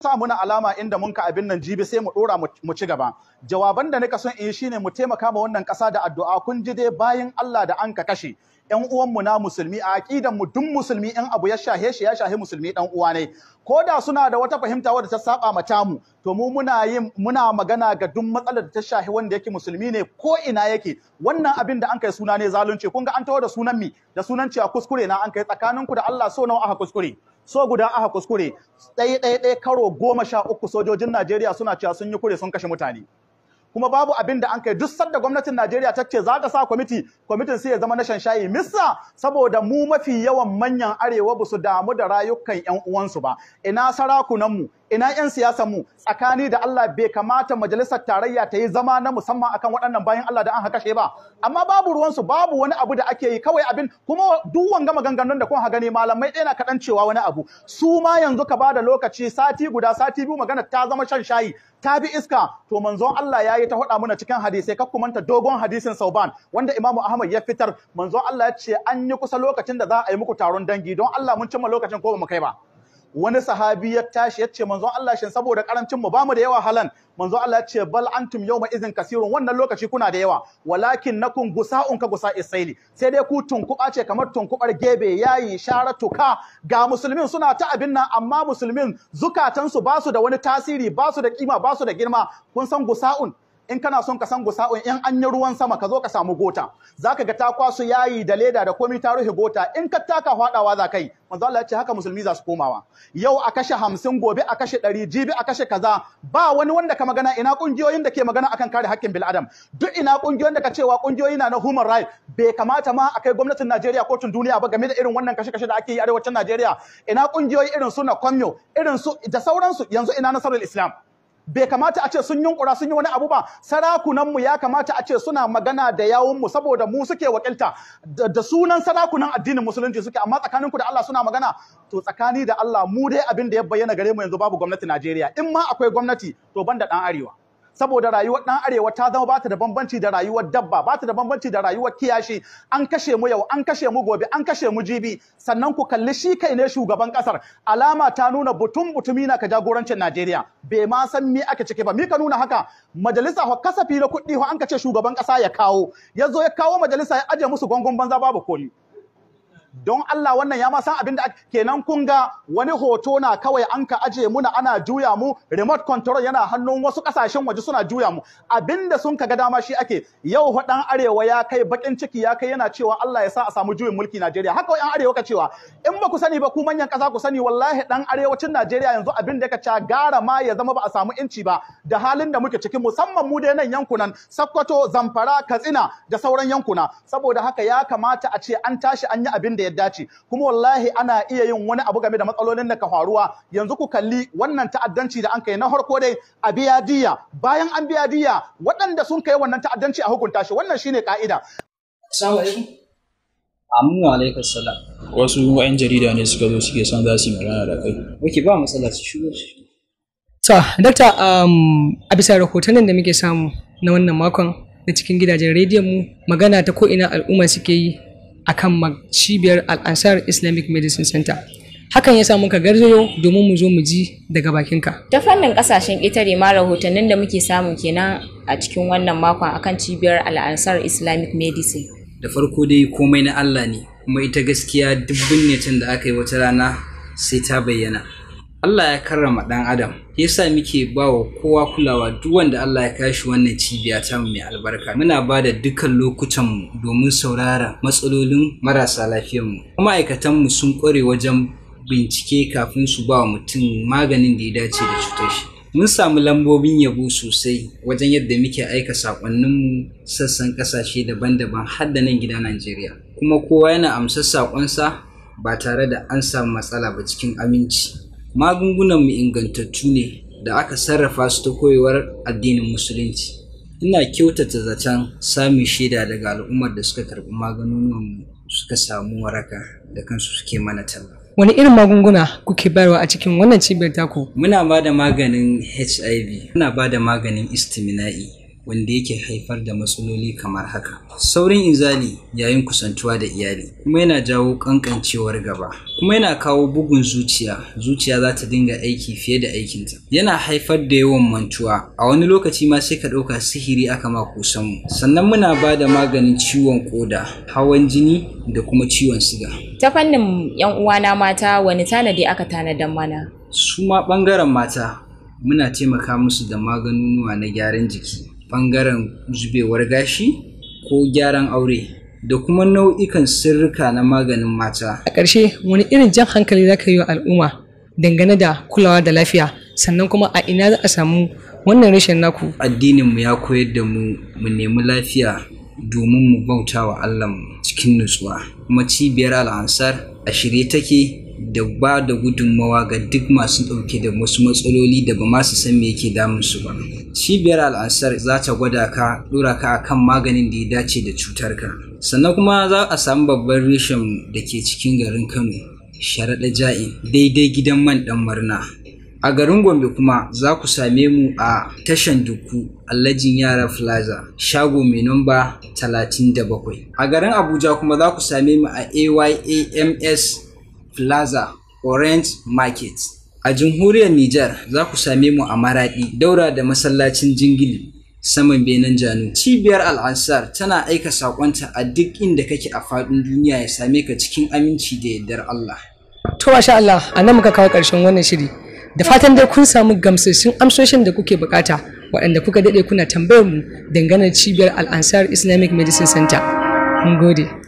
sa muna alama inda mun ka abin nan jibi sai mu dora mu ci gaba jawaban da nika son in shine mu taimaka ma wannan kasa da addu'a kun ji dai bayin Allah da an ka kashe ƴan uwanmu na musulmi a aƙidan mu duk musulmi in abu ya shahe shi ya shahe musulmi dan uwa ne ko da suna da wata fahimta wadda ta saba ma tamu to mu muna yin muna magana ga duk matsalar da ta shahi wanda yake musulmi ne ko ina yake wannan abin da an kai suna ne zalunci kun ga an tawo da sunan mi da sunan cewa kuskure na an kai tsakanin ku da Allah so nawa aka kuskure so guda aka kuskure Ɗai ɗaya ɗaya karo goma sha uku sojojin Najeriya suna cewa sun yi kure sun kashe mutane kuma babu abin da an kai duk sanda gwamnatin Najeriya ta ce za ta sa kwamiti kwamitin sai ya zama na shanshayi missa saboda mu mafi yawan manyan arewa ba su damu da rayukan yan uwansu ba ina sarakunan mu ina yan siyasa mu tsakani da Allah bai kamata majalisar tarayya ta yi zama na musamman akan waɗannan bayan Allah da an haka ba amma babu ruwansu babu wani abu da ake yi kawai abin kuma duk wanga maganganun da kun ha gani malamai ɗaya na kaɗan cewa wani abu su ma yanzu ka ba da lokaci sati guda sati biyu magana ta zama shan shayi ta bi iska to manzon Allah ya yi ta faɗa mana cikin hadisai ka ku manta dogon hadisin Sauban wanda Imam Ahmad ya fitar manzon Allah ya ce an yi kusa lokacin da za a yi muku taron dangi don Allah mun cimma lokacin ko ba mu kai ba wani sahabi ya tashi ya ce manzon Allah shin saboda karancin mu bamu da yawa halan manzon Allah ya ce bal antum yawma izin kasirun wannan lokaci kuna da yawa walakin nakun gusa'un ka gusa isaili sai dai ku tunkuba ce kamar tunkubar gebe yayi sharatu ka ga musulmin suna ta abin nan amma musulmin zukatan su basu da wani tasiri basu da kima basu da girma kun san gusa'un in kana son ka san gusa'un in an yi ruwan sama ka zo ka samu gota zaka ga ta kwasu yayi da leda da komai ta rufe gota in ka taka hwadawa za kai manzo Allah ya ce haka musulmi za su komawa yau a kashe hamsin gobe a kashe ɗari jibi a kashe kaza ba wani wanda ka magana ina kungiyoyin da ke magana akan kare haƙƙin bil adam duk ina kungiyoyin da ka cewa kungiyoyi na na human right bai kamata ma akai gwamnatin Najeriya kotun duniya ba game da irin wannan kashe-kashe da ake yi arewacin Najeriya ina kungiyoyi irin su na Komyo irin su da sauransu yanzu ina nasarar Islam bai kamata a ce sun yunkura sun yi wani abu ba sarakunanmu ya kamata a ce suna magana da mu saboda mu suke wakilta da sunan sarakunan addinin musulunci suke amma tsakaninku da Allah suna magana to tsakani da Allah mu dai abin da ya bayyana gare mu yanzu babu gwamnati Najeriya in ma akwai gwamnati to da ɗan arewa saboda rayuwar ɗan arewa ta zama bata da bambanci da rayuwar dabba bata da bambanci da rayuwar kiyashi an kashe mu yau an kashe mu gobe an kashe mu jibi sannan ku kalli shi kai ne shugaban kasar alama ta nuna butun butumi na ka jagorancin Najeriya bai ma san me ake cike ba mi ka nuna haka majalisa ho kasafi na kuɗi ho an kace shugaban kasa ya kawo yazo ya kawo majalisa ya aje musu gongon banza babu koli don Allah wannan ya ma san abin da kenan kun ga wani hoto na kawai an ka aje muna ana juya mu remote control yana hannun wasu kasashen waje suna juya mu Abin da sun kaga dama shi ake yau hudan arewa ya kai bakin ciki ya kai yana cewa Allah ya sa a samu juyin mulki Najeriya haka yan arewa ka cewa in ba ku sani ba ku manyan kasa ku sani wallahi dan arewacin Najeriya yanzu abin da ka ca gara ma ya zama ba a samu inci ba da halin da muke cikin musamman mu dai nan yankunan Sokoto Zamfara Katsina da sauran yankuna saboda haka ya kamata a ce an tashi an yi abin da ya dace kuma wallahi ana iya yin wani abu game da matsalolin da ka faruwa yanzu ku kalli wannan ta'addanci da an kai na farko dai a biya diya bayan an biya diya waɗanda sun kai wannan ta'addanci a hukunta shi wannan shine ka'ida assalamu alaikum aminu salam wasu ƴan jarida ne suka zo suke son za su yi magana da kai oke ba matsala su shigo to dakta um, a bisa rahotannin da muke samu na wannan makon na cikin gidajen rediyon mu magana ta ko ina al'umma suke yi akan cibiyar al'ansar islamic medicine center hakan ya samu ka garzayo domin mu zo mu ji daga bakinka. Ta fannin kasashen itare ma rahotannin da muke samu kenan a cikin wannan makon akan cibiyar al'ansar Islamic Medicine. Da farko dai komai na Allah ne, kuma ita gaskiya duk binnetin da aka yi wata rana sai ta bayyana. Allah ya karrama ɗan adam yasa muke ba wa kowa kulawa duk wanda Allah ya kashi wannan cibiya ta mai albarka muna ba da dukkan lokutan mu domin saurara matsalolin marasa lafiyar mu. aikatan mu sun kware wajen bincike kafin su ba wa mutum maganin da ya dace da cutar shi mun samu lambobin yabo sosai wajen yadda muke aika sakonnin mu sassan ƙasashe daban-daban har da nan gida Najeriya kuma kowa yana amsar saƙonsa ba tare da an samu matsala ba cikin aminci magungunan mu ingantattu ne da aka sarrafa su ta koyewar addinin musulunci ina kyautata zaton samun shaida daga al'ummar da suka karɓi maganunan suka samu waraka da kansu suke mana talla wani irin magunguna kuke bayarwa a cikin wannan cibiyar taku muna ba da maganin hiv muna ba da maganin istimina'i wanda yake haifar da matsaloli kamar haka saurin inzali yayin kusantuwa da iyali kuma yana jawo kankancewar gaba kuma yana kawo bugun zuciya zuciya za ta dinga aiki fiye da aikinta yana haifar da yawan mantuwa a wani lokaci ma sai ka ɗauka sihiri aka ma kusan mu sannan muna ba da maganin ciwon koda hawan jini da kuma ciwon siga ta fannin yan uwana mata wani tanadi aka tanadan mana su ma ɓangaren mata muna taimaka musu da maganunuwa na gyaran jiki ɓangaren zubewar gashi ko gyaran aure da kuma nau'ikan sirrika na maganin mata. A ƙarshe wani irin jan hankali za ka yi wa al'umma dangane da kulawa da lafiya sannan kuma a ina za a samu wannan rashin naku. Addininmu ya koyar da mu mu nemi lafiya domin mu bauta wa Allah cikin nutsuwa. Kuma cibiyar al'ansar a shirye take da ba da gudunmawa ga duk masu ɗauke da wasu matsaloli da ba masu san me yake damun su ba. Cibiyar al'asar za ta gwada ka ɗora ka a kan maganin da ya dace da cutar ka. Sannan kuma za a samu babban reshen da ke cikin garin Kano, sharaɗa Ja'i. daidai gidan man ɗan murna. A garin Gombe kuma za ku same mu a tashan duku Allajin Yara Plaza, shago mai namba bakwai. A garin Abuja kuma za ku same mu a AYAMS Plaza Orange Market. A jamhuriyar Nijar za ku same mu a Maraɗi daura da masallacin Jingili saman Benin Janu. Cibiyar Al'ansar tana aika saƙonta a duk inda kake a faɗin duniya ya same ka cikin aminci da yardar Allah. To masha Allah, a nan muka kawo ƙarshen wannan shiri. Da fatan dai kun samu gamsassun amsoshin da kuke bukata waɗanda kuka daɗe kuna tambayar mu dangane cibiyar Al'ansar Islamic Medicine Center. Mun gode.